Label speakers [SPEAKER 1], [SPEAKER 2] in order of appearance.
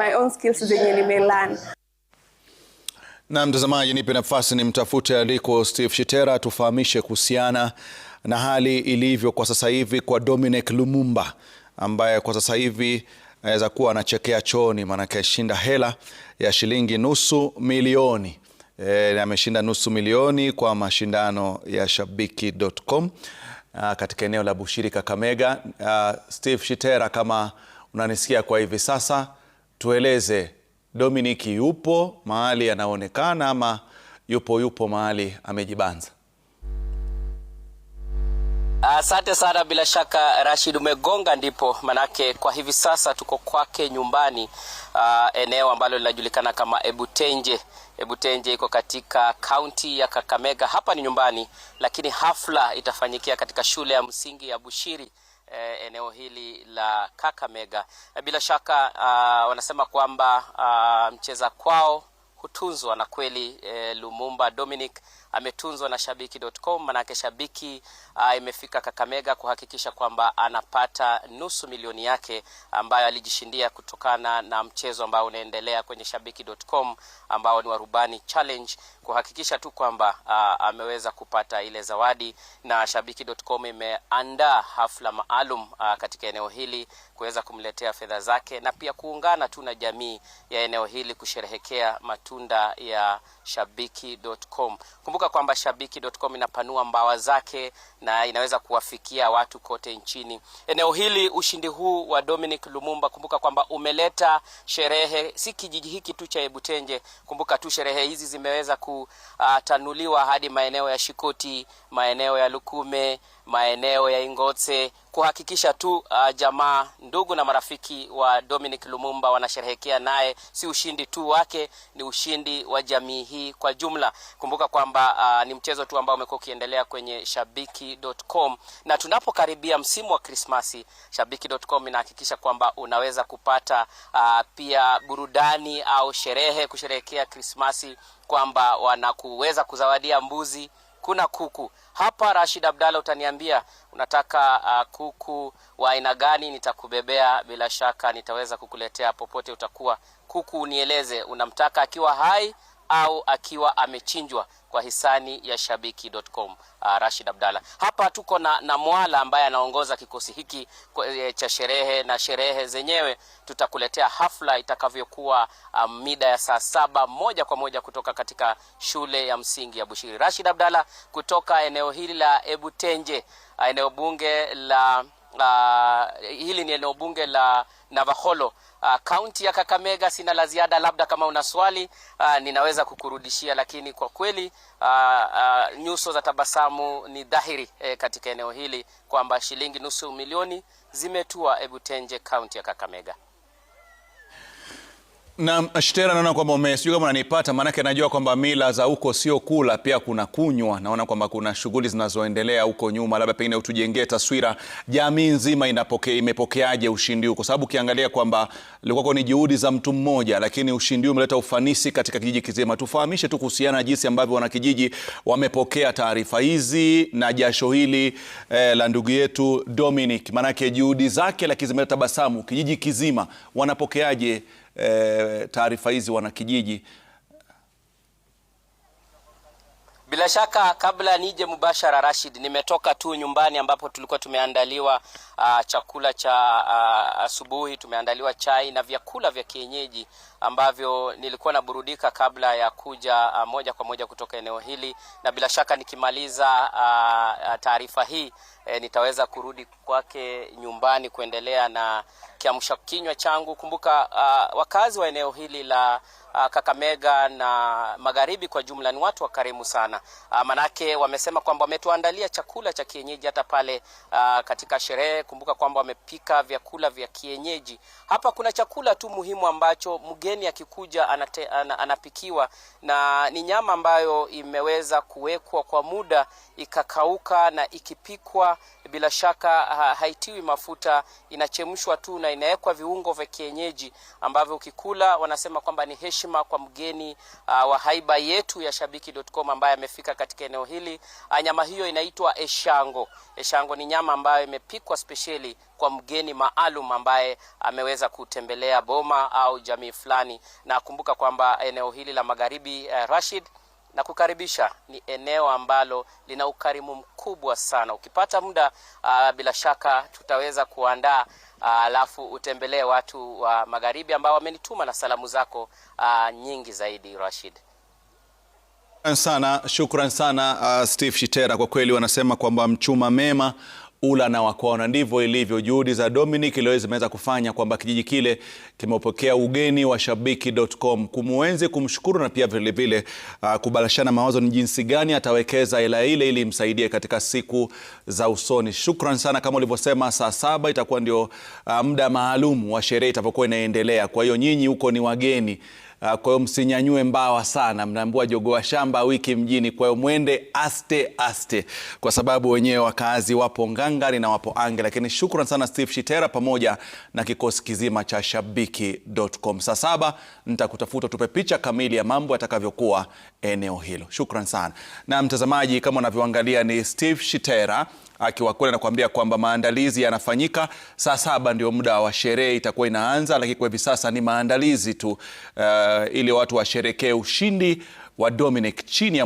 [SPEAKER 1] my own skills zenye nimelearn.
[SPEAKER 2] Na mtazamaji, nipe nafasi mtafute aliko Steve Shitera tufahamishe kuhusiana na hali ilivyo kwa sasa hivi kwa Dominic Lumumba ambaye kwa sasa hivi anaweza kuwa anachekea chooni, maanake ashinda hela ya shilingi nusu milioni e, ameshinda nusu milioni kwa mashindano ya Shabiki.com ah, katika eneo la Bushiri Kakamega. Ah, Steve Shitera, kama unanisikia kwa hivi sasa tueleze Dominiki yupo mahali anaonekana ama yupo yupo mahali amejibanza?
[SPEAKER 3] Asante sana, bila shaka Rashid, umegonga ndipo, manake kwa hivi sasa tuko kwake nyumbani, uh, eneo ambalo linajulikana kama Ebutenje. Ebutenje iko katika kaunti ya Kakamega. Hapa ni nyumbani, lakini hafla itafanyikia katika shule ya msingi ya Bushiri eh, eneo hili la Kakamega. Eh, bila shaka uh, wanasema kwamba uh, mcheza kwao hutunzwa na kweli eh, Lumumba Dominic ametunzwa na shabiki.com, manake shabiki uh, imefika Kakamega kuhakikisha kwamba anapata nusu milioni yake ambayo alijishindia kutokana na mchezo ambao unaendelea kwenye shabiki.com ambao ni Warubani Challenge, kuhakikisha tu kwamba uh, ameweza kupata ile zawadi, na shabiki.com imeandaa hafla maalum uh, katika eneo hili kuweza kumletea fedha zake na pia kuungana tu na jamii ya eneo hili kusherehekea matunda ya shabiki.com. Kumbuka Kumbuka kwamba Shabiki.com inapanua mbawa zake na inaweza kuwafikia watu kote nchini. Eneo hili, ushindi huu wa Dominic Lumumba, kumbuka kwamba umeleta sherehe, si kijiji hiki tu cha Ebutenje. Kumbuka tu sherehe hizi zimeweza kutanuliwa hadi maeneo ya Shikoti, maeneo ya Lukume, maeneo ya Ingotse kuhakikisha tu uh, jamaa, ndugu na marafiki wa Dominic Lumumba wanasherehekea naye. Si ushindi tu wake, ni ushindi wa jamii hii kwa jumla. Kumbuka kwamba uh, ni mchezo tu ambao umekuwa ukiendelea kwenye shabiki.com, na tunapokaribia msimu wa Krismasi, shabiki.com inahakikisha kwamba unaweza kupata uh, pia burudani au sherehe kusherehekea Krismasi, kwamba wanakuweza kuzawadia mbuzi kuna kuku hapa. Rashid Abdalla, utaniambia unataka uh, kuku wa aina gani? Nitakubebea bila shaka, nitaweza kukuletea popote utakuwa. Kuku unieleze unamtaka akiwa hai au akiwa amechinjwa kwa hisani ya shabiki.com. Uh, Rashid Abdalla hapa tuko na, na Mwala ambaye anaongoza kikosi hiki e, cha sherehe na sherehe zenyewe tutakuletea hafla itakavyokuwa um, mida ya saa saba moja kwa moja kutoka katika shule ya msingi ya Bushiri. Rashid Abdalla kutoka eneo hili la Ebutenje, uh, eneo bunge la uh, hili ni eneo bunge la navaholo ah, kaunti uh, ya Kakamega. Sina la ziada, labda kama una swali uh, ninaweza kukurudishia, lakini kwa kweli uh, uh, nyuso za tabasamu ni dhahiri eh, katika eneo hili kwamba shilingi nusu milioni zimetua Ebutenje kaunti ya Kakamega.
[SPEAKER 2] Na Shtera, naona kwamba umesijui kama unanipata, maanake najua kwamba mila za huko sio kula, pia kuna kunywa. Naona kwamba kuna shughuli zinazoendelea huko nyuma, labda pengine utujengee taswira jamii nzima inapokea, imepokeaje ushindi huu, kwa sababu ukiangalia kwamba ilikuwa ni juhudi za mtu mmoja, lakini ushindi huu umeleta ufanisi katika kijiji kizima. Tufahamishe tu kuhusiana na jinsi ambavyo wanakijiji wamepokea taarifa hizi na jasho hili eh, la ndugu yetu Dominic, maanake juhudi zake, lakini zimeleta tabasamu kijiji kizima. Wanapokeaje? e, taarifa hizi wanakijiji.
[SPEAKER 3] Bila shaka kabla nije mubashara, Rashid, nimetoka tu nyumbani ambapo tulikuwa tumeandaliwa uh, chakula cha uh, asubuhi, tumeandaliwa chai na vyakula vya kienyeji ambavyo nilikuwa naburudika kabla ya kuja uh, moja kwa moja kutoka eneo hili, na bila shaka nikimaliza uh, uh taarifa hii e, nitaweza kurudi kwake nyumbani kuendelea na kiamsha kinywa changu. Kumbuka uh, wakazi wa eneo hili la uh, Kakamega na Magharibi kwa jumla ni watu wakarimu sana uh, manake wamesema kwamba wametuandalia chakula cha kienyeji hata pale uh, katika sherehe. Kumbuka kwamba wamepika vyakula vya kienyeji hapa. Kuna chakula tu muhimu ambacho mge mgeni akikuja anate, an, anapikiwa na ni nyama ambayo imeweza kuwekwa kwa muda ikakauka na ikipikwa bila shaka ha, haitiwi mafuta, inachemshwa tu na inawekwa viungo vya kienyeji ambavyo ukikula wanasema kwamba ni heshima kwa mgeni ha, ah, wa haiba yetu ya Shabiki.com ambaye amefika katika eneo hili. Ah, nyama hiyo inaitwa eshango. Eshango ni nyama ambayo imepikwa spesheli kwa mgeni maalum ambaye ameweza kutembelea boma au jamii fulani, na kumbuka kwamba eneo hili la Magharibi eh, Rashid na kukaribisha. Ni eneo ambalo lina ukarimu mkubwa sana. Ukipata muda uh, bila shaka tutaweza kuandaa ah, alafu uh, utembelee watu wa uh, magharibi ambao wamenituma na salamu zako uh, nyingi zaidi Rashid.
[SPEAKER 2] Sana, shukran sana uh, Steve Shitera, kwa kweli wanasema kwamba mchuma mema ula na wakwaona. Ndivyo ilivyo juhudi za Dominic leo zimeweza kufanya kwamba kijiji kile kimepokea ugeni wa shabiki.com kumwenzi, kumshukuru na pia vilevile uh, ah, kubalashana mawazo ni jinsi gani atawekeza hela ile ili imsaidie katika siku za usoni. Shukran sana, kama ulivyosema, saa saba itakuwa ndio uh, muda maalum wa sherehe itavokuwa inaendelea. Kwa hiyo nyinyi huko ni wageni. Ah, kwa hiyo msinyanyue mbawa sana, mnaambua jogoa wa shamba wiki mjini. Kwa hiyo mwende aste aste, kwa sababu wenyewe wakazi wapo ngangari na wapo ange. Lakini shukran sana Steve Shitera pamoja na kikosi kizima cha Shabiki.com. Saa saba nitakutafuta tupe picha kamili ya mambo yatakavyokuwa eneo hilo. Shukran sana na mtazamaji, kama unavyoangalia ni Steve Shitera akiwakwenda na kuambia kwamba maandalizi yanafanyika. Saa saba ndio muda wa sherehe itakuwa inaanza, lakini kwa hivi sasa ni maandalizi tu uh, ili watu washerekee ushindi wa Dominic chini ya